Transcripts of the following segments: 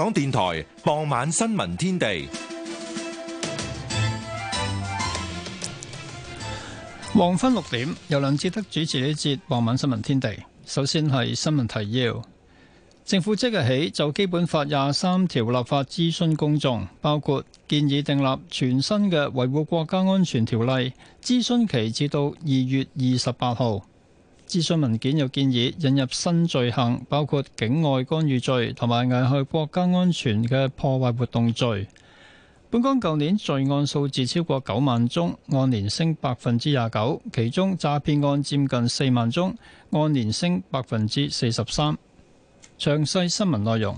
港電台傍晚新聞天地，黃昏六點由梁志德主持呢節傍晚新聞天地。首先係新聞提要，政府即日起就《基本法》廿三條立法諮詢公眾，包括建議訂立全新嘅維護國家安全條例，諮詢期至到二月二十八號。諮詢文件又建議引入新罪行，包括境外干預罪同埋危害國家安全嘅破壞活動罪。本港舊年罪案數字超過九萬宗，按年升百分之廿九，其中詐騙案佔近四萬宗，按年升百分之四十三。詳細新聞內容。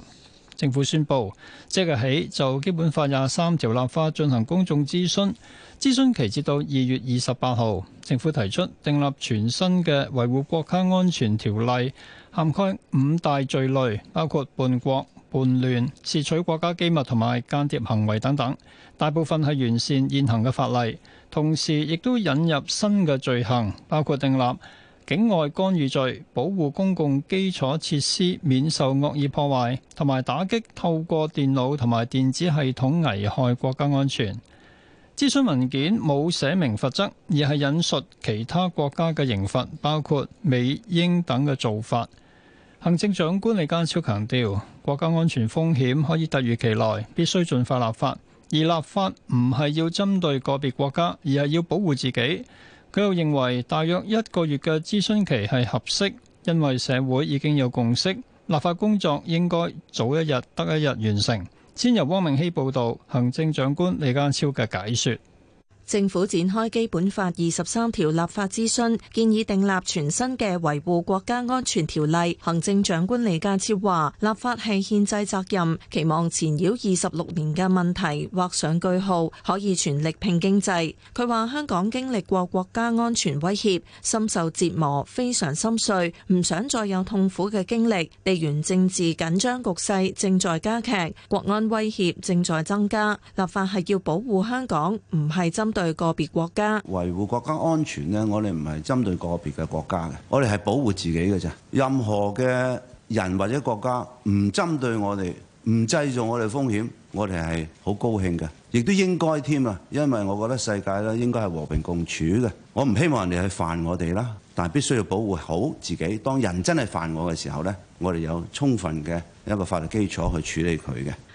政府宣布，即日起就《基本法》廿三條立法進行公眾諮詢，諮詢期至到二月二十八號，政府提出訂立全新嘅維護國家安全條例，涵蓋五大罪類，包括叛國、叛亂、竊取國家機密同埋間諜行為等等。大部分係完善現行嘅法例，同時亦都引入新嘅罪行，包括訂立。境外干預罪、保護公共基礎設施免受惡意破壞，同埋打擊透過電腦同埋電子系統危害國家安全。諮詢文件冇寫明罰則，而係引述其他國家嘅刑罰，包括美、英等嘅做法。行政長官李家超強調，國家安全風險可以突如其來，必須盡快立法。而立法唔係要針對個別國家，而係要保護自己。佢又認為，大約一個月嘅諮詢期係合適，因為社會已經有共識，立法工作應該早一日得一日完成。先由汪明熙報道，行政長官李家超嘅解說。政府展開《基本法》二十三條立法諮詢，建議訂立全新嘅維護國家安全條例。行政長官李家超話：立法係憲制責任，期望纏繞二十六年嘅問題畫上句號，可以全力拼經濟。佢話：香港經歷過國家安全威脅，深受折磨，非常心碎，唔想再有痛苦嘅經歷。地緣政治緊張局勢正在加劇，國安威脅正在增加。立法係要保護香港，唔係針對。對個別國家維護國家安全呢，我哋唔係針對個別嘅國家嘅，我哋係保護自己嘅啫。任何嘅人或者國家唔針對我哋，唔製造我哋風險，我哋係好高興嘅，亦都應該添啊。因為我覺得世界咧應該係和平共處嘅。我唔希望人哋去犯我哋啦，但係必須要保護好自己。當人真係犯我嘅時候呢，我哋有充分嘅一個法律基礎去處理佢嘅。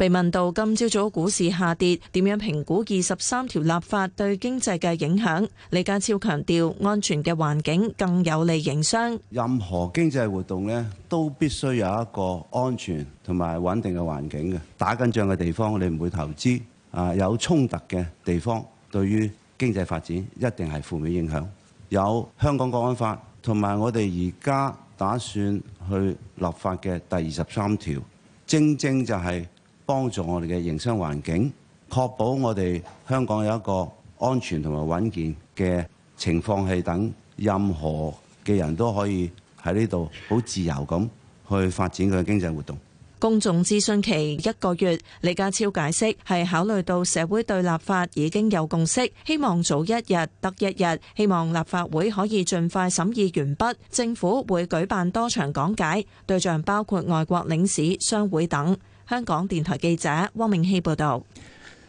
被問到今朝早股市下跌，點樣評估二十三條立法對經濟嘅影響？李家超強調，安全嘅環境更有利營商。任何經濟活動咧，都必須有一個安全同埋穩定嘅環境嘅。打緊仗嘅地方，我哋唔會投資啊。有衝突嘅地方，對於經濟發展一定係負面影響。有香港國安法同埋我哋而家打算去立法嘅第二十三條，正正就係。幫助我哋嘅營商環境，確保我哋香港有一個安全同埋穩健嘅情況，係等任何嘅人都可以喺呢度好自由咁去發展佢嘅經濟活動。公眾諮詢期一個月，李家超解釋係考慮到社會對立法已經有共識，希望早一日得一日，希望立法會可以盡快審議完畢。政府會舉辦多場講解，對象包括外國領事、商會等。香港電台記者汪明熙報道，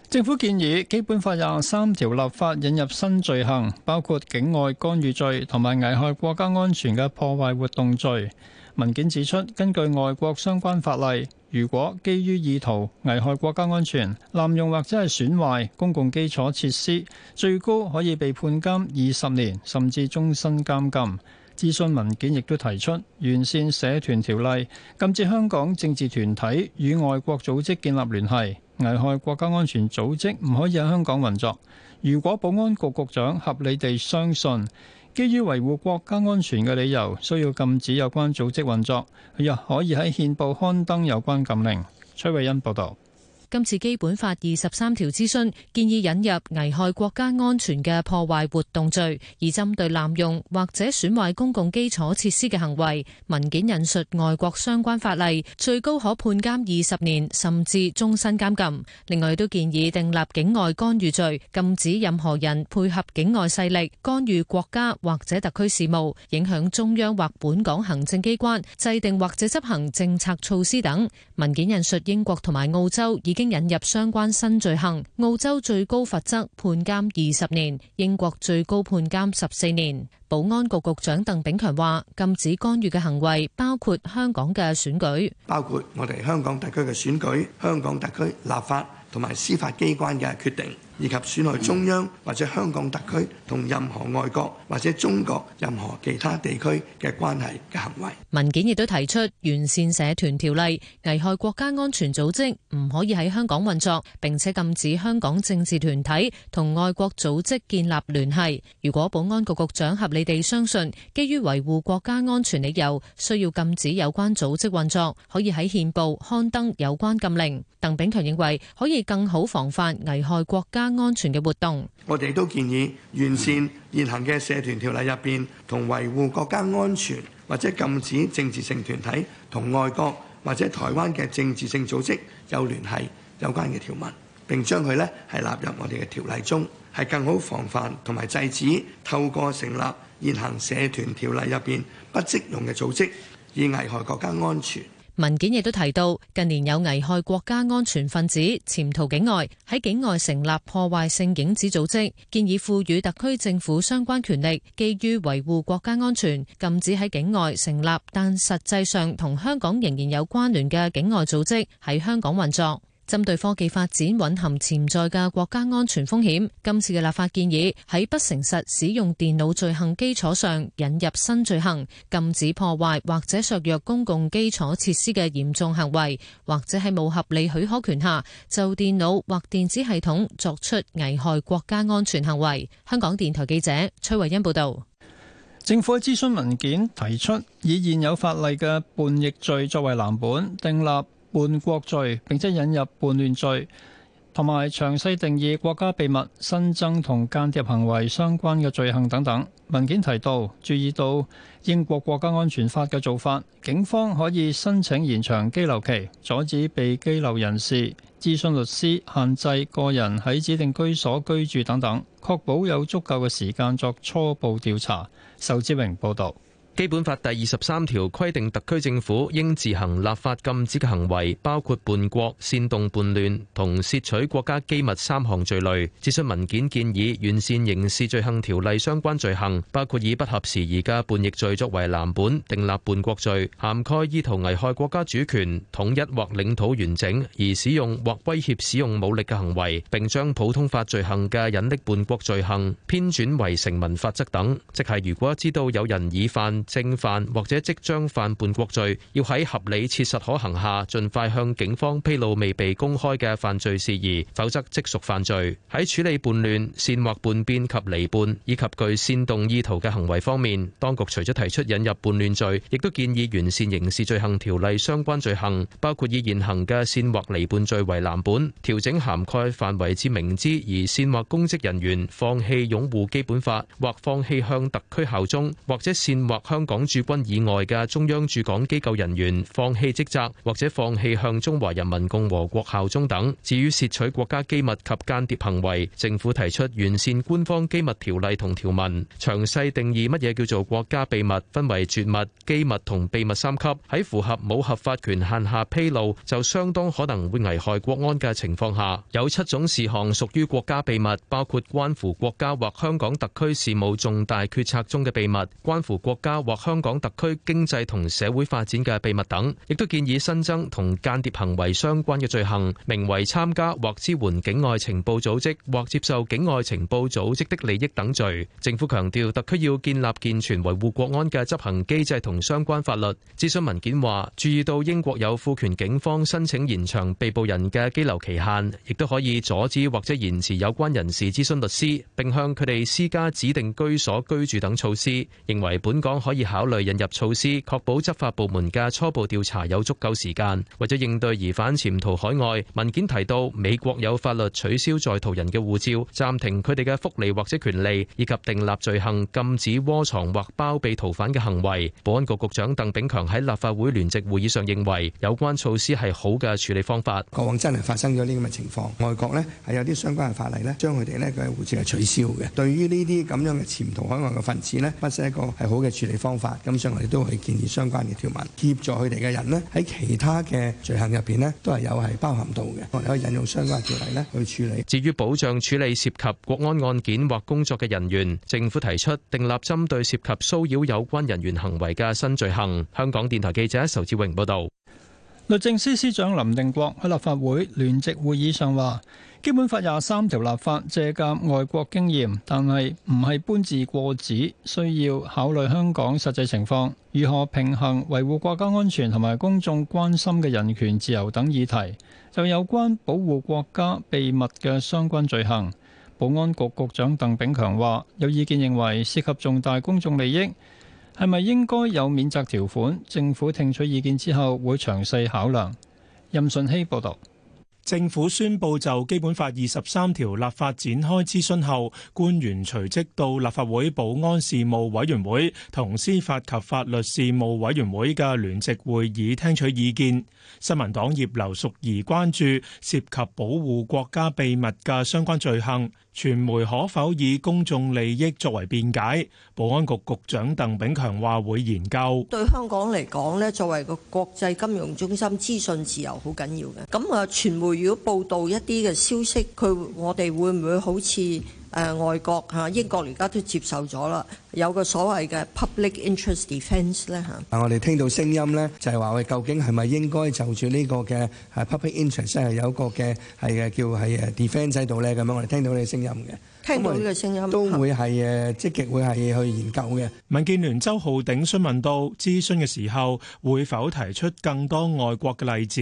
政府建議《基本法》廿三條立法引入新罪行，包括境外干預罪同埋危害國家安全嘅破壞活動罪。文件指出，根據外國相關法例，如果基於意圖危害國家安全、濫用或者係損壞公共基礎設施，最高可以被判監二十年甚至終身監禁。諮詢文件亦都提出完善社團條例，禁止香港政治團體與外國組織建立聯繫，危害國家安全組織唔可以喺香港運作。如果保安局局長合理地相信，基於維護國家安全嘅理由，需要禁止有關組織運作，又可以喺憲報刊登有關禁令。崔慧欣報道。今次《基本法》二十三條諮詢建議引入危害國家安全嘅破壞活動罪，以針對濫用或者損壞公共基礎設施嘅行為，文件引述外國相關法例，最高可判監二十年甚至終身監禁。另外，都建議訂立境外干預罪，禁止任何人配合境外勢力干預國家或者特區事務，影響中央或本港行政機關製定或者執行政策措施等。文件引述英國同埋澳洲已經經引入相關新罪行，澳洲最高罰則判監二十年，英國最高判監十四年。保安局局長鄧炳強話：禁止干預嘅行為包括香港嘅選舉，包括我哋香港特區嘅選舉、香港特區立法同埋司法機關嘅決定。以及損害中央或者香港特區同任何外國或者中國任何其他地區嘅關係嘅行為。文件亦都提出完善社團條例，危害國家安全組織唔可以喺香港運作，並且禁止香港政治團體同外國組織建立聯繫。如果保安局局長合理地相信，基於維護國家安全理由，需要禁止有關組織運作，可以喺憲報刊登有關禁令。鄧炳強認為，可以更好防範危害國家安全嘅活動， 我哋都建議完善現行嘅社團條例入邊，同維護國家安全或者禁止政治性團體同外國或者台灣嘅政治性組織有聯繫有關嘅條文，並將佢呢係納入我哋嘅條例中，係更好防範同埋制止透過成立現行社團條例入邊不適用嘅組織，以危害國家安全。文件亦都提到，近年有危害國家安全分子潛逃境外，喺境外成立破壞性影子組織，建議賦予特區政府相關權力，基於維護國家安全，禁止喺境外成立但實際上同香港仍然有關聯嘅境外組織喺香港運作。針對科技發展蘊含潛在嘅國家安全風險，今次嘅立法建議喺不誠實使用電腦罪行基礎上引入新罪行，禁止破壞或者削弱公共基礎設施嘅嚴重行為，或者喺冇合理許可權下就電腦或電子系統作出危害國家安全行為。香港電台記者崔慧欣報道。政府嘅諮詢文件提出以現有法例嘅叛逆罪作為藍本訂立。叛國罪，並且引入叛亂罪，同埋詳細定義國家秘密、新增同間諜行為相關嘅罪行等等。文件提到，注意到英國國家安全法嘅做法，警方可以申請延長拘留期，阻止被拘留人士諮詢律師，限制個人喺指定居所居住等等，確保有足夠嘅時間作初步調查。仇志榮報導。基本法第二十三條規定，特區政府應自行立法禁止嘅行為包括叛國、煽動叛亂同竊取國家機密三項罪類。指出文件建議完善刑事罪行條例相關罪行，包括以不合時宜嘅叛逆罪作為藍本，訂立叛國罪，涵蓋意圖危害國家主權、統一或領土完整而使用或威脅使用武力嘅行為，並將普通法罪行嘅隱匿叛國罪行編轉為成文法則等。即係如果知道有人已犯。正犯或者即將犯叛國罪，要喺合理、切實、可行下，盡快向警方披露未被公開嘅犯罪事宜，否則即屬犯罪。喺處理叛亂、煽惑叛變及離叛以及具煽動意圖嘅行為方面，當局除咗提出引入叛亂罪，亦都建議完善刑事罪行條例相關罪行，包括以現行嘅煽惑離叛罪為藍本，調整涵蓋範圍至明知而煽惑公職人員放棄擁護基本法或放棄向特區效忠，或者煽惑，香港駐軍以外嘅中央駐港機構人員放棄職責或者放棄向中華人民共和國效忠等，至於竊取國家機密及間諜行為，政府提出完善官方機密條例同條文，詳細定義乜嘢叫做國家秘密，分為絕密、機密同秘密三級。喺符合冇合法權限下披露就相當可能會危害國安嘅情況下，有七種事項屬於國家秘密，包括關乎國家或香港特區事務重大決策中嘅秘密，關乎國家。或香港特區經濟同社會發展嘅秘密等，亦都建議新增同間諜行為相關嘅罪行，名為參加或支援境外情報組織或接受境外情報組織的利益等罪。政府強調，特區要建立健全維護國安嘅執行機制同相關法律。諮詢文件話，注意到英國有賦權警方申請延長被捕人嘅羈留期限，亦都可以阻止或者延遲有關人士諮詢律師，並向佢哋施加指定居所居住等措施，認為本港可。可以考慮引入措施，確保執法部門嘅初步調查有足夠時間。為咗應對疑犯潛逃海外，文件提到美國有法律取消在逃人嘅護照，暫停佢哋嘅福利或者權利，以及訂立罪行，禁止窩藏或包庇逃犯嘅行為。保安局局長鄧炳強喺立法會聯席會議上認為，有關措施係好嘅處理方法。過往真係發生咗呢咁嘅情況，外國呢係有啲相關嘅法例呢，將佢哋呢嘅護照係取消嘅。對於呢啲咁樣嘅潛逃海外嘅分子呢，不失一個係好嘅處理方法咁，所以我哋都係建議相關嘅條文協助佢哋嘅人咧，喺其他嘅罪行入邊咧，都係有係包含到嘅，我哋可以引用相關條例咧去處理。至於保障處理涉及國安案件或工作嘅人員，政府提出訂立針對涉及騷擾有關人員行為嘅新罪行。香港電台記者仇志榮報導。律政司司長林定國喺立法會聯席會議上話，基本法廿三條立法借鑒外國經驗，但係唔係搬字過紙，需要考慮香港實際情況，如何平衡維護國家安全同埋公眾關心嘅人權、自由等議題。就有關保護國家秘密嘅相關罪行，保安局局長鄧炳強話，有意見認為涉及重大公眾利益。係咪應該有免責條款？政府聽取意見之後會詳細考量。任順希報導，政府宣布就基本法二十三條立法展開諮詢後，官員隨即到立法會保安事務委員會同司法及法律事務委員會嘅聯席會議聽取意見。新民黨葉劉淑儀關注涉及保護國家秘密嘅相關罪行。傳媒可否以公眾利益作為辯解？保安局局長鄧炳強話會研究。對香港嚟講咧，作為個國際金融中心，資訊自由好緊要嘅。咁啊，傳媒如果報道一啲嘅消息，佢我哋會唔會好似？誒、呃、外國嚇、啊、英國而家都接受咗啦，有個所謂嘅 public interest defence 咧、啊、嚇。但、啊、我哋聽到聲音咧，就係話喂，究竟係咪應該就住呢個嘅、uh, public interest 係、啊、有一個嘅係嘅叫係誒 d e f e n s e 喺度咧？咁樣我哋聽到呢你聲音嘅。聽到呢個聲音，都會係誒積極會係去研究嘅。民建聯周浩鼎詢問到諮詢嘅時候，會否提出更多外國嘅例子？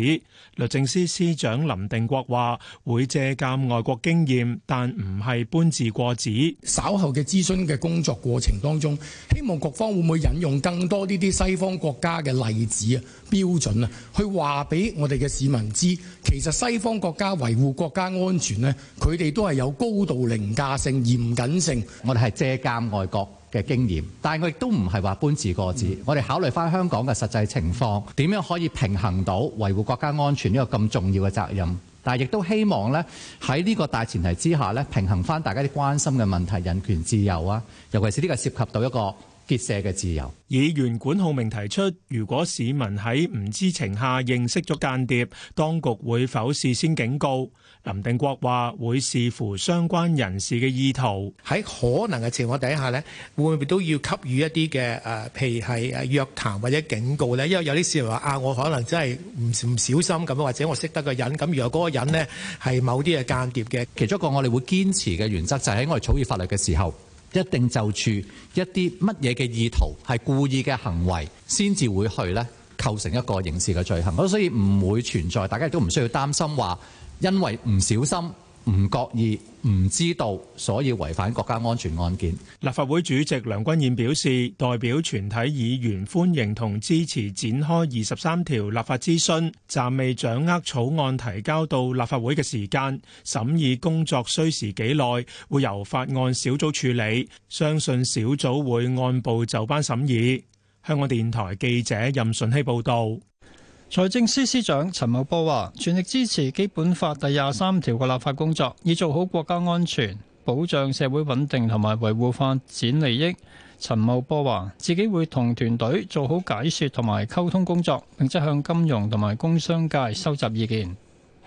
律政司司長林定國話會借鑑外國經驗，但唔係搬字過紙。稍後嘅諮詢嘅工作過程當中，希望各方會唔會引用更多呢啲西方國家嘅例子啊標準啊，去話俾我哋嘅市民知，其實西方國家維護國家安全咧，佢哋都係有高度凌駕。話性嚴謹性，我哋係借鑑外國嘅經驗，但係我亦都唔係話搬字過字。我哋考慮翻香港嘅實際情況，點樣可以平衡到維護國家安全呢個咁重要嘅責任？但係亦都希望咧，喺呢個大前提之下咧，平衡翻大家啲關心嘅問題，人權自由啊，尤其是呢個涉及到一個結社嘅自由。議員管浩鳴提出，如果市民喺唔知情下認識咗間諜，當局會否事先警告？林定國話：會視乎相關人士嘅意圖。喺可能嘅情況底下咧，會唔會都要給予一啲嘅誒，譬如係約談或者警告咧？因為有啲市民話啊，我可能真係唔唔小心咁，或者我識得個人咁，如果嗰個人咧係某啲嘅間諜嘅，其中一個我哋會堅持嘅原則就係喺我哋草擬法律嘅時候，一定就住一啲乜嘢嘅意圖係故意嘅行為，先至會去咧構成一個刑事嘅罪行。咁所以唔會存在，大家亦都唔需要擔心話。因為唔小心、唔覺意、唔知道，所以違反國家安全案件。立法會主席梁君彥表示，代表全體議員歡迎同支持展開二十三條立法諮詢，暫未掌握草案提交到立法會嘅時間，審議工作需時幾耐，會由法案小組處理，相信小組會按部就班審議。香港電台記者任順希報導。財政司司長陳茂波話：全力支持《基本法》第廿三條嘅立法工作，以做好國家安全、保障社會穩定同埋維護發展利益。陳茂波話：自己會同團隊做好解說同埋溝通工作，並且向金融同埋工商界收集意見。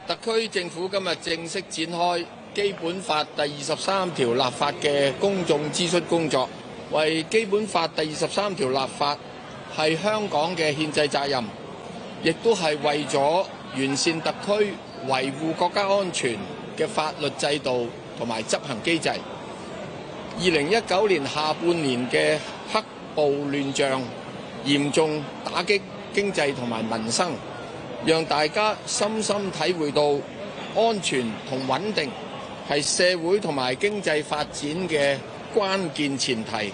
特區政府今日正式展開《基本法》第二十三條立法嘅公眾諮詢工作。為《基本法》第二十三條立法係香港嘅憲制責任。亦都係為咗完善特區維護國家安全嘅法律制度同埋執行機制。二零一九年下半年嘅黑暴亂象嚴重打擊經濟同埋民生，讓大家深深體會到安全同穩定係社會同埋經濟發展嘅關鍵前提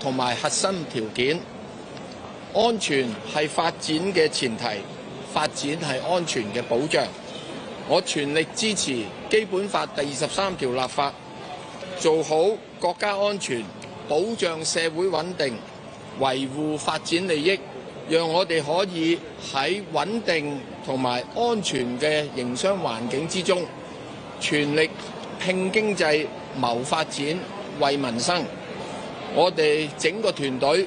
同埋核心條件。安全係發展嘅前提，發展係安全嘅保障。我全力支持《基本法》第二十三條立法，做好國家安全，保障社會穩定，維護發展利益，讓我哋可以喺穩定同埋安全嘅營商環境之中，全力拼經濟、謀發展、為民生。我哋整個團隊。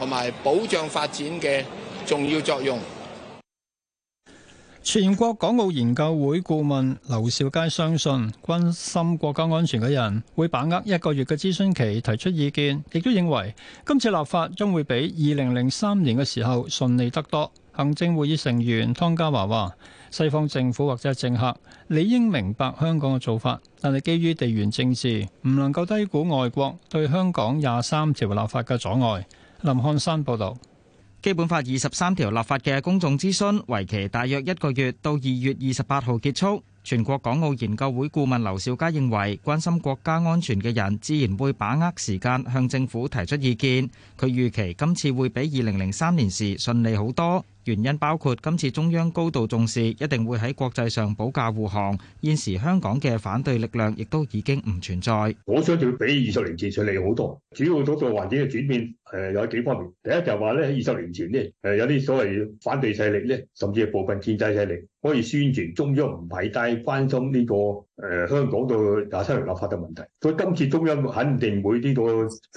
同埋保障發展嘅重要作用。全國港澳研究會顧問劉兆佳相信，關心國家安全嘅人會把握一個月嘅諮詢期提出意見，亦都認為今次立法將會比二零零三年嘅時候順利得多。行政會議成員湯家驊話，西方政府或者政客理應明白香港嘅做法，但係基於地緣政治，唔能夠低估外國對香港廿三條立法嘅阻礙。林漢山報道，《基本法》二十三條立法嘅公眾諮詢為期大約一個月，到二月二十八號結束。全國港澳研究會顧問劉少佳認為，關心國家安全嘅人自然會把握時間向政府提出意見。佢預期今次會比二零零三年時順利好多，原因包括今次中央高度重視，一定會喺國際上保駕護航。現時香港嘅反對力量亦都已經唔存在。我想要比二十年前順利好多，主要嗰個環境嘅轉變。誒有幾方面，第一就係話咧，二十年前呢，誒有啲所謂反對勢力咧，甚至係部分建制勢力可以宣傳中央唔係太關心呢、這個誒、呃、香港嘅廿七條立法嘅問題。所以今次中央肯定會呢、這個、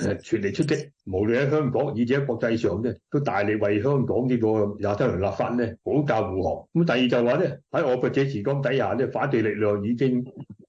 呃、全力出擊，無論喺香港，以至喺國際上咧，都大力為香港呢個廿七條立法咧保駕護航。咁第二就係話咧，喺我嘅這時光底下咧，反對力量已經。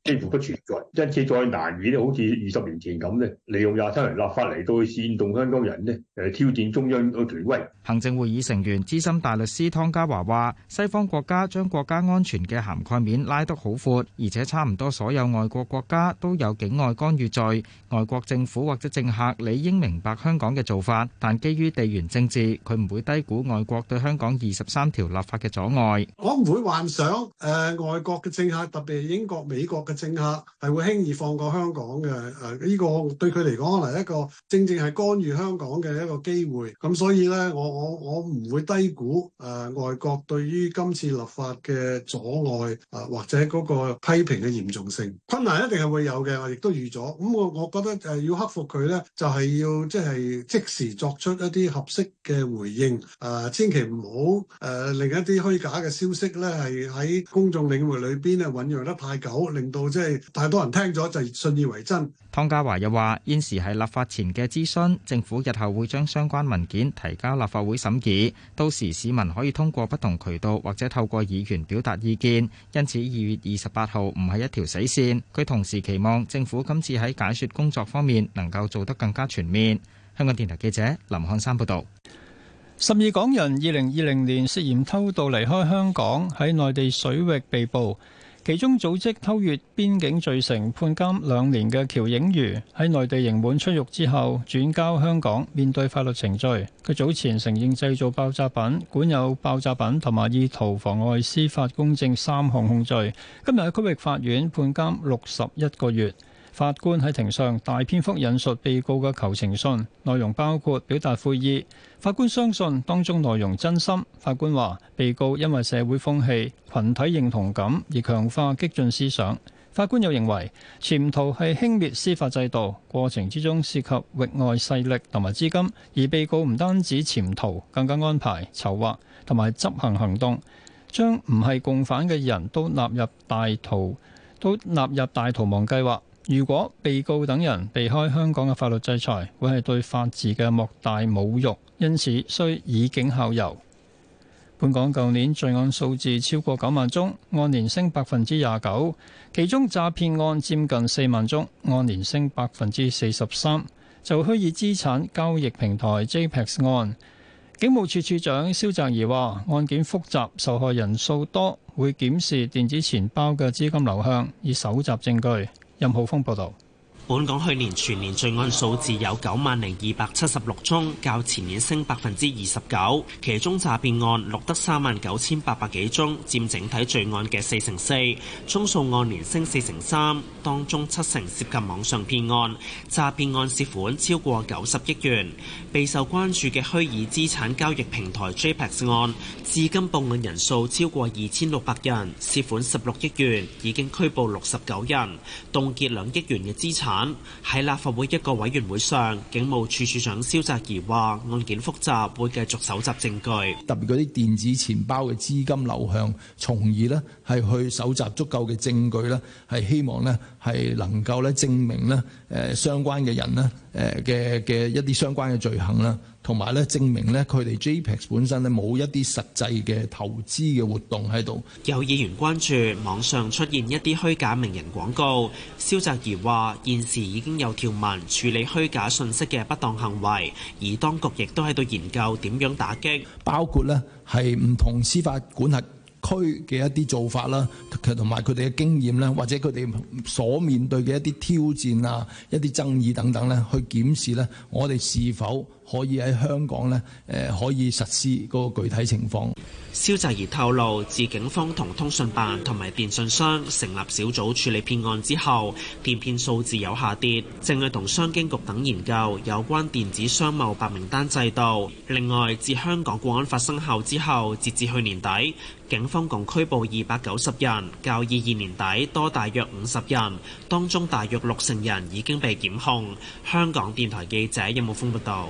幾乎不存在，因此再難以咧，好似二十年前咁咧，利用廿三條立法嚟到煽動香港人咧，誒挑戰中央嘅權威。行政會議成員資深大律師湯家驊話：西方國家將國家安全嘅涵蓋面拉得好闊，而且差唔多所有外國國家都有境外干預罪。外國政府或者政客理應明白香港嘅做法，但基於地緣政治，佢唔會低估外國對香港二十三條立法嘅阻礙。我唔會幻想誒外國嘅政客，特別係英國、美國嘅政客係會輕易放過香港嘅。誒、呃、呢、這個對佢嚟講可能一個正正係干預香港嘅一個機會，咁所以咧，我我我唔會低估誒、呃、外國對於今次立法嘅阻礙啊、呃、或者嗰個批評嘅嚴重性。困難一定係會有嘅，我亦都預咗。咁、嗯、我我覺得誒要克服佢咧，就係、是、要就是即係即時作出一啲合適嘅回應誒、呃、千祈唔好誒令一啲虛假嘅消息咧，係喺公眾領域裏邊咧醞釀得太久，令到即係太多人聽咗就信以為真。湯家驊又話：現時係立法前嘅諮詢，政府日後會將相關文件提交立法會審議，到時市民可以通過不同渠道或者透過議員表達意見。因此，二月二十八號唔係一條死線。佢同時期望政府今次喺解說工作方面能夠做得更加全面。香港電台記者林漢山報道：十二港人二零二零年涉嫌偷渡離開香港，喺內地水域被捕。其中組織偷越邊境罪成判監兩年嘅，喬映瑜喺內地刑滿出獄之後轉交香港面對法律程序，佢早前承認製造爆炸品、管有爆炸品同埋意圖妨礙司法公正三項控罪，今日喺區域法院判監六十一個月。法官喺庭上大篇幅引述被告嘅求情信，內容包括表達悔意。法官相信當中內容真心。法官話被告因為社會風氣、群體認同感而強化激進思想。法官又認為潛逃係輕蔑司法制度過程之中涉及域外勢力同埋資金，而被告唔單止潛逃，更加安排籌劃同埋執行行動，將唔係共犯嘅人都納入大逃都納入大逃亡計劃。如果被告等人避開香港嘅法律制裁，會係對法治嘅莫大侮辱，因此需以儆效尤。本港舊年罪案數字超過九萬宗，按年升百分之廿九，其中詐騙案佔近四萬宗，按年升百分之四十三。就虛擬資產交易平台 JPEX 案，警務處處長蕭澤頤話：案件複雜，受害人數多，會檢視電子錢包嘅資金流向，以搜集證據。任浩峰報道。本港去年全年罪案數字有九萬零二百七十六宗，較前年升百分之二十九。其中詐騙案錄得三萬九千八百幾宗，佔整體罪案嘅四成四，宗數按年升四成三。當中七成涉及網上騙案，詐騙案涉款超過九十億元。備受關注嘅虛擬資產交易平台 JPEX 案，至今報案人數超過二千六百人，涉款十六億元，已經拘捕六十九人，凍結兩億元嘅資產。喺立法會一個委員會上，警務處處長蕭澤頤話：案件複雜，會繼續搜集證據，特別嗰啲電子錢包嘅資金流向，從而呢係去搜集足夠嘅證據呢係希望呢係能夠呢證明呢誒相關嘅人呢誒嘅嘅一啲相關嘅罪行啦。同埋咧，證明咧，佢哋 JPEX 本身咧冇一啲實際嘅投資嘅活動喺度。有議員關注網上出現一啲虛假名人廣告，蕭澤頤話：現時已經有條文處理虛假信息嘅不當行為，而當局亦都喺度研究點樣打擊，包括呢，係唔同司法管轄區嘅一啲做法啦，同埋佢哋嘅經驗啦，或者佢哋所面對嘅一啲挑戰啊、一啲爭議等等呢，去檢視呢，我哋是否可以喺香港呢，誒、呃、可以實施嗰個具體情況。蕭澤頤透露，自警方同通訊辦同埋電信商成立小組處理騙案之後，電騙數字有下跌，正係同商經局等研究有關電子商貿白名單制度。另外，自香港國安法生效後之後，截至去年底，警方共拘捕二百九十人，較二二年底多大約五十人。當中大約六成人已經被檢控。香港電台記者任武峯報導。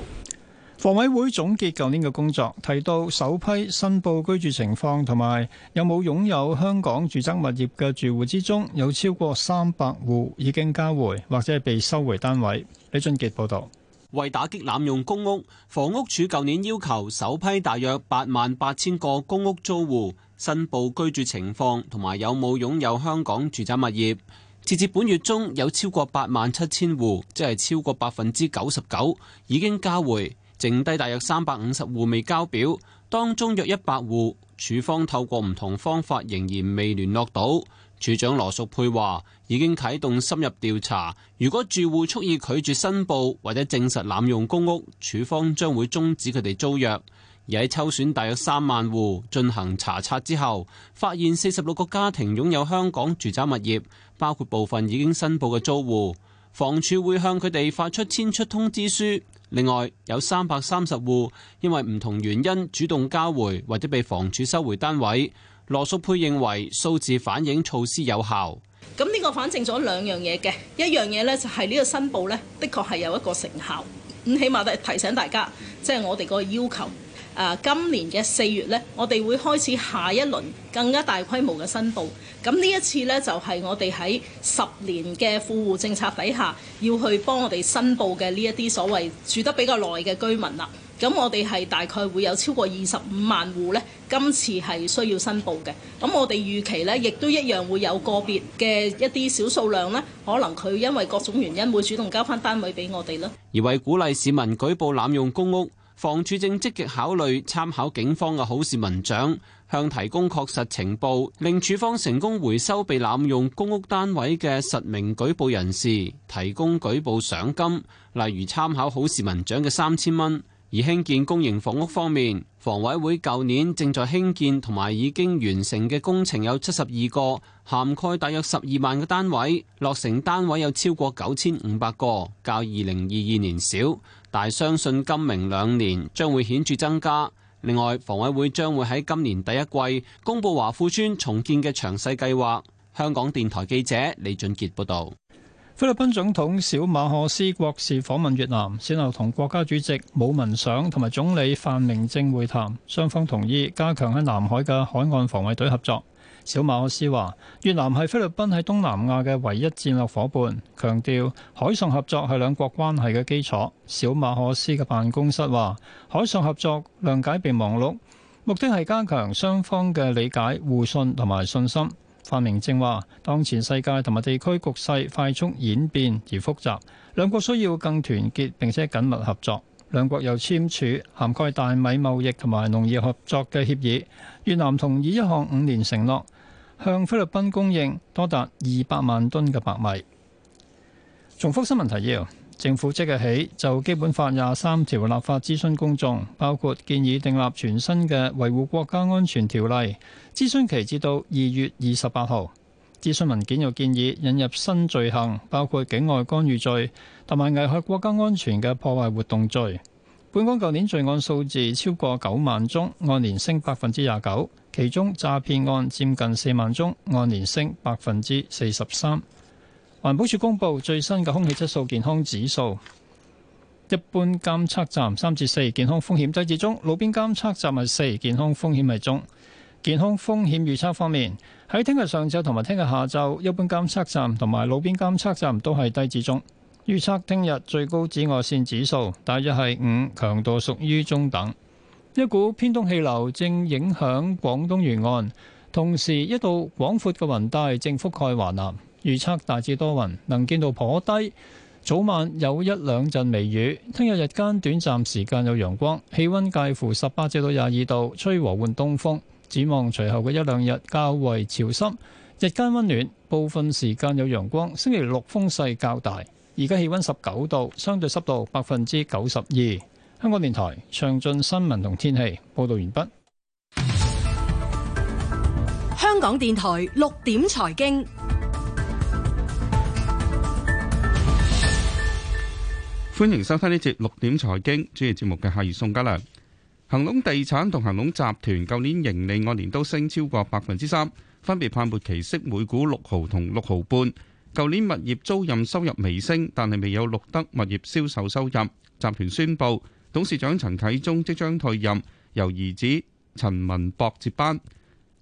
房委會總結舊年嘅工作，提到首批申報居住情況同埋有冇擁有,有香港住宅物業嘅住戶之中，有超過三百戶已經交回或者係被收回單位。李俊杰報道，為打擊濫用公屋，房屋署舊年要求首批大約八萬八千個公屋租戶申報居住情況同埋有冇擁有,有香港住宅物業。截至本月中，有超過八萬七千戶，即係超過百分之九十九已經交回。剩低大約三百五十戶未交表，當中約一百戶，署方透過唔同方法仍然未聯絡到。署長羅淑佩話：已經啟動深入調查，如果住戶蓄意拒絕申報或者證實濫用公屋，署方將會終止佢哋租約。而喺抽選大約三萬戶進行查冊之後，發現四十六個家庭擁有香港住宅物業，包括部分已經申報嘅租戶，房署會向佢哋發出遷出通知書。另外有三百三十戶因為唔同原因主動交回，或者被房署收回單位。羅淑佩認為數字反映措施有效。咁呢個反證咗兩樣嘢嘅，一樣嘢咧就係呢個申報咧，的確係有一個成效。咁起碼提醒大家，即係我哋個要求。誒、啊、今年嘅四月呢，我哋會開始下一輪更加大規模嘅申報。咁呢一次呢，就係、是、我哋喺十年嘅富戶政策底下，要去幫我哋申報嘅呢一啲所謂住得比較耐嘅居民啦。咁我哋係大概會有超過二十五萬戶呢，今次係需要申報嘅。咁我哋預期呢，亦都一樣會有個別嘅一啲小數量呢，可能佢因為各種原因會主動交翻單位俾我哋咯。而為鼓勵市民舉報濫用公屋。房署正積極考慮參考警方嘅好市民獎，向提供確實情報令署方成功回收被濫用公屋單位嘅實名舉報人士提供舉報賞金，例如參考好市民獎嘅三千蚊。而興建公營房屋方面，房委會舊年正在興建同埋已經完成嘅工程有七十二個，涵蓋大約十二萬個單位，落成單位有超過九千五百個，較二零二二年少。但相信今明兩年將會顯著增加。另外，房委會將會喺今年第一季公布華富邨重建嘅詳細計劃。香港電台記者李俊杰報道。菲律賓總統小馬可斯國事訪問越南，先後同國家主席武文想，同埋總理范明政會談，雙方同意加強喺南海嘅海岸防衛隊合作。小馬可斯話：越南係菲律賓喺東南亞嘅唯一戰略伙伴，強調海上合作係兩國關係嘅基礎。小馬可斯嘅辦公室話：海上合作諒解備忘錄，目的係加強雙方嘅理解、互信同埋信心。范明政話：當前世界同埋地區局勢快速演變而複雜，兩國需要更團結並且緊密合作。兩國又簽署涵蓋大米貿易同埋農業合作嘅協議。越南同意一項五年承諾。向菲律賓供應多達二百萬噸嘅白米。重複新聞提要，政府即日起就基本法廿三條立法諮詢公眾，包括建議訂立全新嘅維護國家安全條例。諮詢期至到二月二十八號。諮詢文件又建議引入新罪行，包括境外干預罪同埋危害國家安全嘅破壞活動罪。本港舊年罪案數字超過九萬宗，按年升百分之廿九，其中詐騙案佔近四萬宗，按年升百分之四十三。環保署公布最新嘅空氣質素健康指數，一般監測站三至四，健康風險低至中，路邊監測站係四，健康風險係中。健康風險預測方面，喺聽日上晝同埋聽日下晝，一般監測站同埋路邊監測站都係低至中。預測聽日最高紫外線指數大約係五，強度屬於中等。一股偏東氣流正影響廣東沿岸，同時一道廣闊嘅雲帶正覆蓋華南。預測大致多雲，能見度頗低，早晚有一兩陣微雨。聽日日間短暫時間有陽光，氣温介乎十八至到廿二度，吹和緩東風。展望隨後嘅一兩日較為潮濕，日間温暖，部分時間有陽光。星期六風勢較大。而家氣溫十九度，相對濕度百分之九十二。香港電台詳盡新聞同天氣報道完畢。香港電台六點財經，歡迎收聽呢節六點財經主持節目嘅客席宋家良。恒隆地產同恒隆集團舊年盈利按年都升超過百分之三，分別派末期息每股六毫同六毫半。舊年物業租賃收入微升，但係未有錄得物業銷售收入。集團宣布董事長陳啟宗即將退任，由兒子陳文博接班。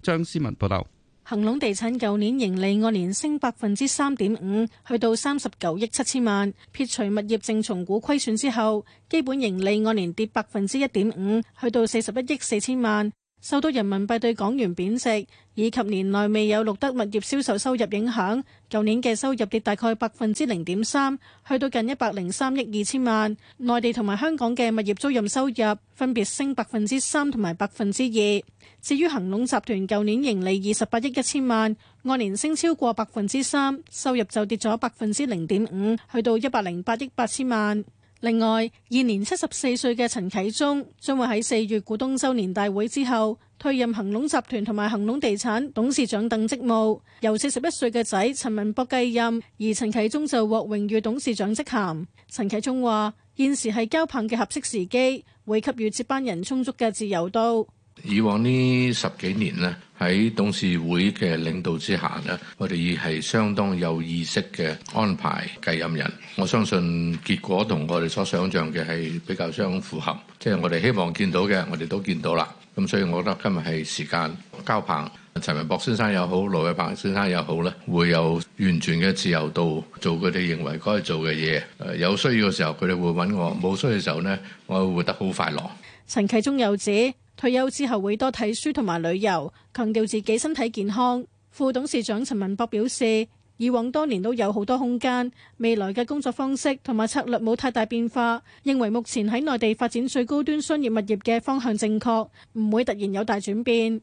張思文報道。恒隆地產舊年盈利按年升百分之三點五，去到三十九億七千萬。撇除物業重估虧損之後，基本盈利按年跌百分之一點五，去到四十一億四千萬。受到人民幣對港元貶值以及年內未有錄得物業銷售收入影響，舊年嘅收入跌大概百分之零點三，去到近一百零三億二千萬。內地同埋香港嘅物業租賃收入分別升百分之三同埋百分之二。至於恒隆集團舊年盈利二十八億一千萬，按年升超過百分之三，收入就跌咗百分之零點五，去到一百零八億八千萬。另外，現年七十四歲嘅陳啟宗將會喺四月股東周年大會之後退任恒隆集團同埋恒隆地產董事長等職務。由四十一歲嘅仔陳文博繼任，而陳啟宗就獲榮譽董事長職銜。陳啟宗話現時係交棒嘅合適時機，會給予接班人充足嘅自由度。以往呢十幾年呢，喺董事會嘅領導之下呢，我哋已係相當有意識嘅安排繼任人。我相信結果同我哋所想象嘅係比較相符合，即係我哋希望見到嘅，我哋都見到啦。咁、嗯、所以，我覺得今日係時間，交彭陳文博先生又好，盧偉柏先生又好咧，會有完全嘅自由度做佢哋認為該做嘅嘢。有需要嘅時候，佢哋會揾我；冇需要嘅時候呢，我會活得好快樂。陳啟忠又指。退休之後會多睇書同埋旅遊，強調自己身體健康。副董事長陳文博表示，以往多年都有好多空間，未來嘅工作方式同埋策略冇太大變化。認為目前喺內地發展最高端商業物業嘅方向正確，唔會突然有大轉變。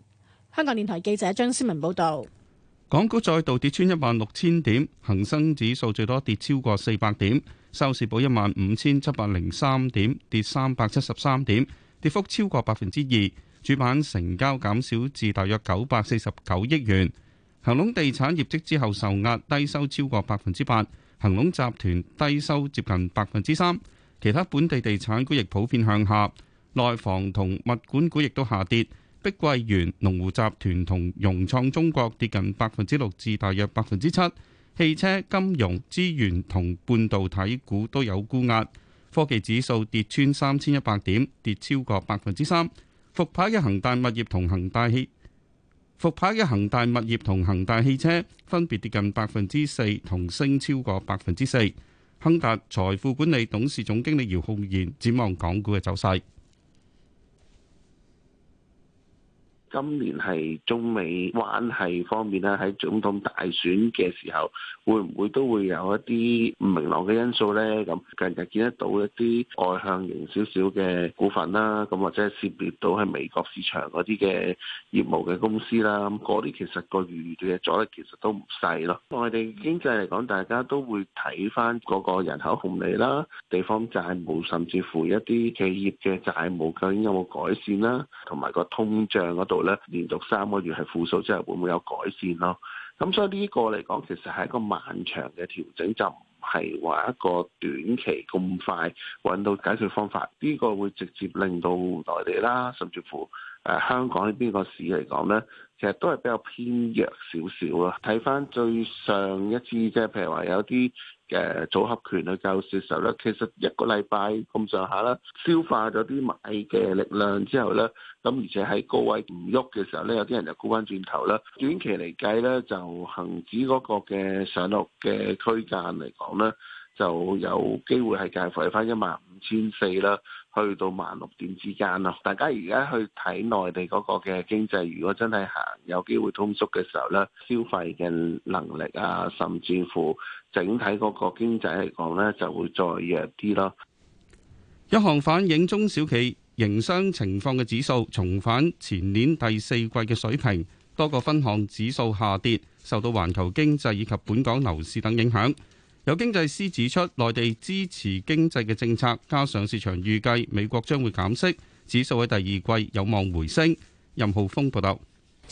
香港電台記者張思文報道，港股再度跌穿一萬六千點，恒生指數最多跌超過四百點，收市報一萬五千七百零三點，跌三百七十三點。跌幅超過百分之二，主板成交減少至大約九百四十九億元。恒隆地產業績之後受壓，低收超過百分之八。恒隆集團低收接近百分之三。其他本地地產股亦普遍向下，內房同物管股亦都下跌。碧桂園、龍湖集團同融創中國跌近百分之六至大約百分之七。汽車、金融、資源同半導體股都有沽壓。科技指數跌穿三千一百點，跌超過百分之三。復牌嘅恒大物業同恒大汽，復牌嘅恒大物業同恒大汽車分別跌近百分之四同升超過百分之四。亨達財富管理董事總經理姚浩然展望港股嘅走勢。今年係中美關係方面咧，喺總統大選嘅時候，會唔會都會有一啲唔明朗嘅因素呢？咁近日見得到一啲外向型少少嘅股份啦，咁或者係涉獵到喺美國市場嗰啲嘅業務嘅公司啦，咁嗰啲其實個預嘅阻力其實都唔細咯。外地經濟嚟講，大家都會睇翻嗰個人口紅利啦、地方債務，甚至乎一啲企業嘅債務究竟有冇改善啦，同埋個通脹嗰度。咧連續三個月係負數，之後會唔會有改善咯？咁所以呢個嚟講，其實係一個漫長嘅調整，就唔係話一個短期咁快揾到解決方法。呢個會直接令到內地啦，甚至乎誒香港呢邊個市嚟講咧，其實都係比較偏弱少少咯。睇翻最上一次即係譬如話有啲誒組合權去救市時候咧，其實一個禮拜咁上下啦，消化咗啲買嘅力量之後咧。咁而且喺高位唔喐嘅時候呢，有啲人就沽翻轉頭啦。短期嚟計，呢就恆指嗰個嘅上落嘅區間嚟講，呢就有機會係介乎翻一萬五千四啦，去到萬六點之間啦。大家而家去睇內地嗰個嘅經濟，如果真係行有機會通縮嘅時候呢，消費嘅能力啊，甚至乎整體嗰個經濟嚟講，呢就會再弱啲咯。一項反映中小企。營商情況嘅指數重返前年第四季嘅水平，多個分項指數下跌，受到環球經濟以及本港樓市等影響。有經濟師指出，內地支持經濟嘅政策，加上市場預計美國將會減息，指數喺第二季有望回升。任浩峯報道。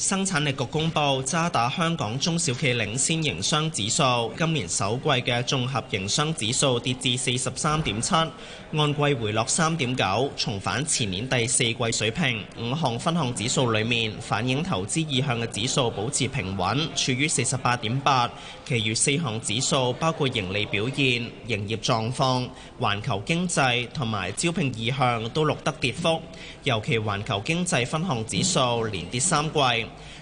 生產力局公布渣打香港中小企領先營商指數，今年首季嘅綜合營商指數跌至四十三點七，按季回落三點九，重返前年第四季水平。五項分項指數裡面，反映投資意向嘅指數保持平穩，處於四十八點八。其餘四項指數包括盈利表現、營業狀況、環球經濟同埋招聘意向都錄得跌幅。尤其環球經濟分項指數連跌三季，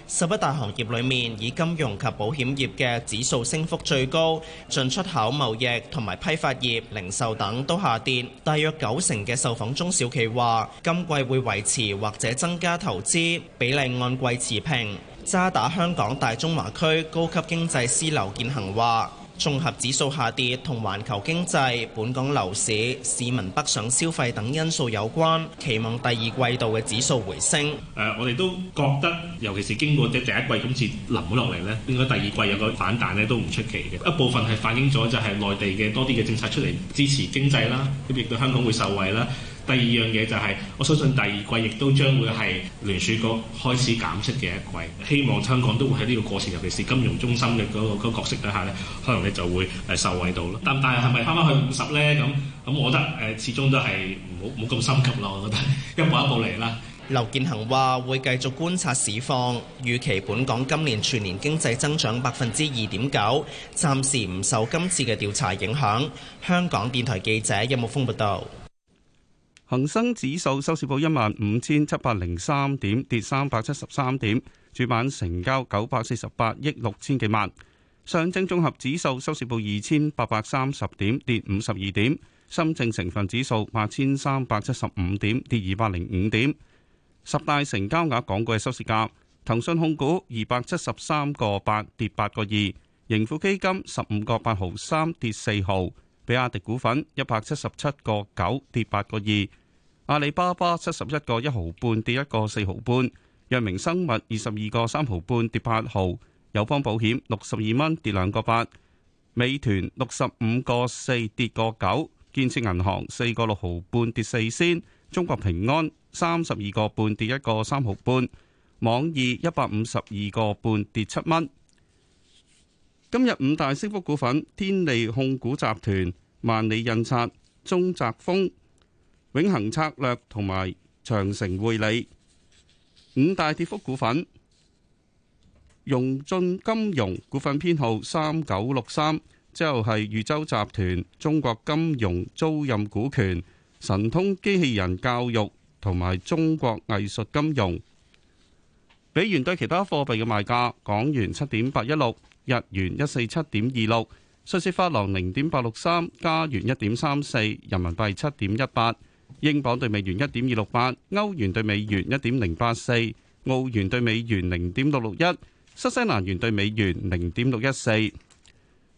十一大行業裏面以金融及保險業嘅指數升幅最高，進出口貿易同埋批發業、零售等都下跌。大約九成嘅受訪中小企話，今季會維持或者增加投資比例，按季持平。渣打香港大中華區高級經濟師劉建恒話。綜合指數下跌同環球經濟、本港樓市、市民北上消費等因素有關，期望第二季度嘅指數回升。誒、呃，我哋都覺得，尤其是經過即第一季今次冧咗落嚟咧，應該第二季有個反彈咧都唔出奇嘅。一部分係反映咗就係內地嘅多啲嘅政策出嚟支持經濟啦，咁亦都香港會受惠啦。第二樣嘢就係、是，我相信第二季亦都將會係聯儲局開始減息嘅一季。希望香港都會喺呢個過程，尤其是金融中心嘅嗰個角色底下呢，可能你就會係受惠到咯。但但係係咪翻返去五十呢？咁咁，我覺得誒始終都係唔好冇咁心急咯。我覺得一步一步嚟啦。劉建恒話：會繼續觀察市況，預期本港今年全年經濟增長百分之二點九，暫時唔受今次嘅調查影響。香港電台記者任木風報道。恒生指數收市報一萬五千七百零三點，跌三百七十三點；主板成交九百四十八億六千幾萬。上證綜合指數收市報二千八百三十點，跌五十二點。深證成分指數八千三百七十五點，跌二百零五點。十大成交額港股嘅收市價：騰訊控股二百七十三個八，跌八個二；盈富基金十五個八毫三，跌四毫。比亞迪股份一百七十七個九跌八個二，阿里巴巴七十一個一毫半跌一個四毫半，藥明生物二十二個三毫半跌八毫，友邦保險六十二蚊跌兩個八，美團六十五個四跌個九，建設銀行四個六毫半跌四仙，中國平安三十二個半跌一個三毫半，網易一百五十二個半跌七蚊。今日五大升幅股份：天利控股集團、萬里印刷、中澤豐、永恒策略同埋長城匯理。五大跌幅股份：融進金融股份編號三九六三，之後係宇宙集團、中國金融租賃股權、神通機器人教育同埋中國藝術金融。美元兌其他貨幣嘅賣價：港元七點八一六。日元一四七點二六，瑞士法郎零點八六三，加元一點三四，人民幣七點一八，英鎊兌美元一點二六八，歐元兌美元一點零八四，澳元兌美元零點六六一，新西蘭元兌美元零點六一四。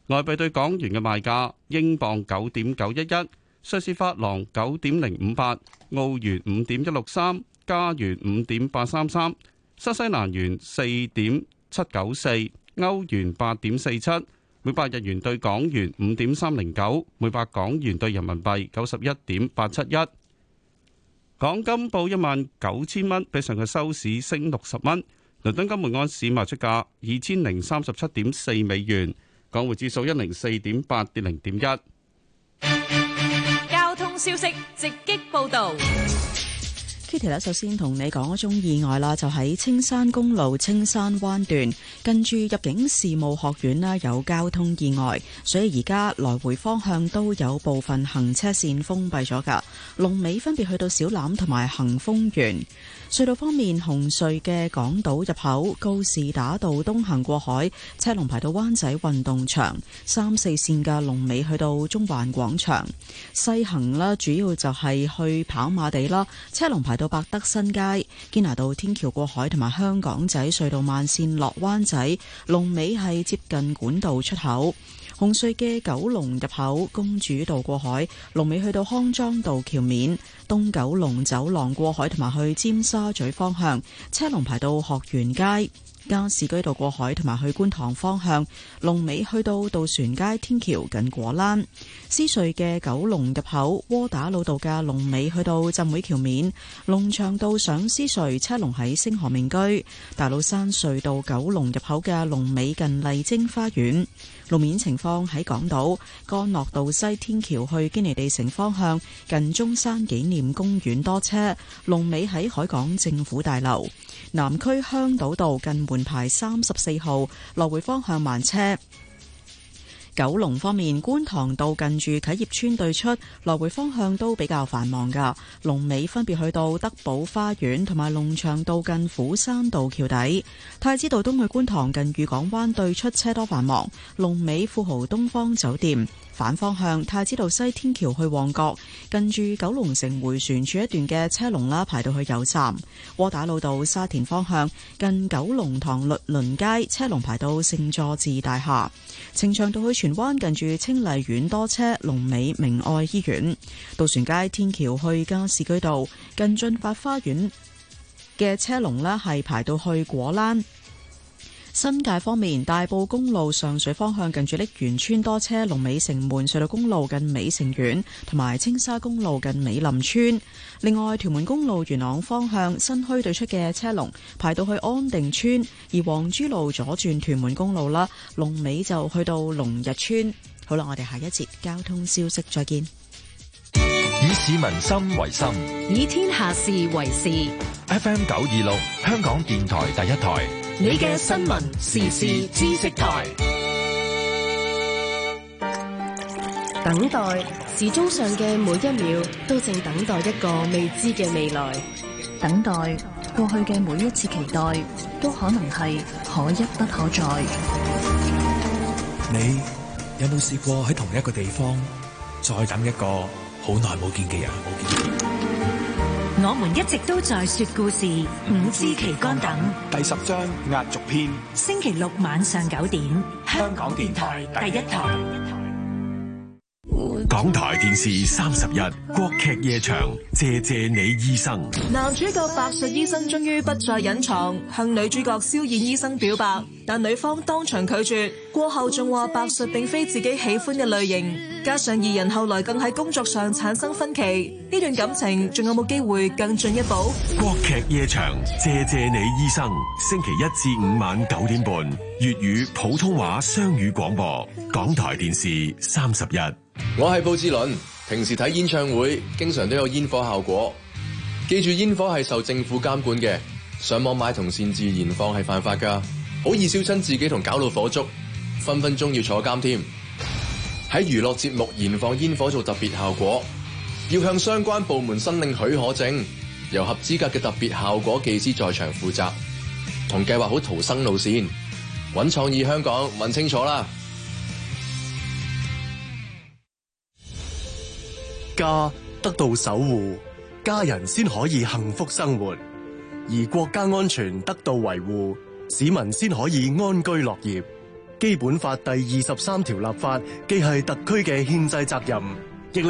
外幣對港元嘅賣價：英鎊九點九一一，瑞士法郎九點零五八，澳元五點一六三，加元五點八三三，新西蘭元四點七九四。歐元八點四七，每百日元對港元五點三零九，每百港元對人民幣九十一點八七一。港金報一萬九千蚊，比上日收市升六十蚊。倫敦金每盎司賣出價二千零三十七點四美元。港匯指數一零四點八，跌零點一。交通消息直擊報道。Kitty 首先同你講一種意外啦，就喺青山公路青山灣段近住入境事務學院啦，有交通意外，所以而家來回方向都有部分行車線封閉咗噶，龍尾分別去到小欖同埋恒豐園。隧道方面，紅隧嘅港島入口、告士打道東行過海，車龍排到灣仔運動場；三四線嘅龍尾去到中環廣場。西行啦，主要就係去跑馬地啦，車龍排到百德新街、堅拿道天橋過海，同埋香港仔隧道慢線落灣仔龍尾係接近管道出口。紅隧嘅九龍入口公主道過海，龍尾去到康莊道橋面；東九龍走廊過海同埋去尖沙咀方向，車龍排到學園街加士居道過海同埋去觀塘方向，龍尾去到渡船街天橋近果欄。獅隧嘅九龍入口窩打老道嘅龍尾去到浸會橋面，龍翔道上獅隧車龍喺星河名居，大老山隧道九龍入口嘅龍尾近麗晶花園。路面情況喺港島干諾道西天橋去堅尼地城方向，近中山紀念公園多車；龍尾喺海港政府大樓。南區香島道近門牌三十四號，來回方向慢車。九龍方面，觀塘道近住啟業邨對出來回方向都比較繁忙噶龍尾分別去到德寶花園同埋龍翔道近斧山道橋底。太子道東去觀塘近愉港灣對出車多繁忙，龍尾富豪東方酒店。反方向太子道西天橋去旺角，近住九龍城回旋處一段嘅車龍啦，排到去油站；窩打老道沙田方向，近九龍塘律倫街車龍排到聖佐治大廈；呈祥道去荃灣，近住清麗苑多車，龍尾明愛醫院；渡船街天橋去加士居道，近駿發花園嘅車龍咧係排到去果欄。新界方面，大埔公路上水方向近住瀝源村多車，龍尾城門隧道公路近美城苑，同埋青沙公路近美林村。另外，屯門公路元朗方向新墟對出嘅車龍排到去安定村而皇珠路左轉屯門公路啦，龍尾就去到龍日村。好啦，我哋下一節交通消息再見。以市民心為心，以天下事為事。FM 九二六，香港電台第一台。你嘅新聞時事知識台，等待時鐘上嘅每一秒都正等待一個未知嘅未來，等待過去嘅每一次期待都可能係可一不可再。你有冇試過喺同一個地方再等一個好耐冇見嘅人？我們一直都在說故事，五支旗桿等第十章壓軸篇。星期六晚上九點，香港電台第一台。港台，一台港台電視三十日國劇夜場，謝謝你醫生。男主角白術醫生終於不再隱藏，向女主角肖硯醫生表白，但女方當場拒絕。過後仲話白術並非自己喜歡嘅類型，加上二人後來更喺工作上產生分歧，呢段感情仲有冇機會更進一步？國劇夜場，謝謝你醫生。星期一至五晚九點半，粵語普通話雙語廣播，港台電視三十日。我係布志倫，平時睇演唱會經常都有煙火效果，記住煙火係受政府監管嘅，上網買同擅自燃放係犯法噶，好易燒親自己同搞到火燭。分分鐘要坐監添，喺娛樂節目燃放煙火做特別效果，要向相關部門申領許可證，由合資格嘅特別效果技師在場負責，同計劃好逃生路綫，搵創意香港，問清楚啦。家得到守護，家人先可以幸福生活；而國家安全得到維護，市民先可以安居樂業。《基本法》第二十三條立法既係特區嘅憲制責任。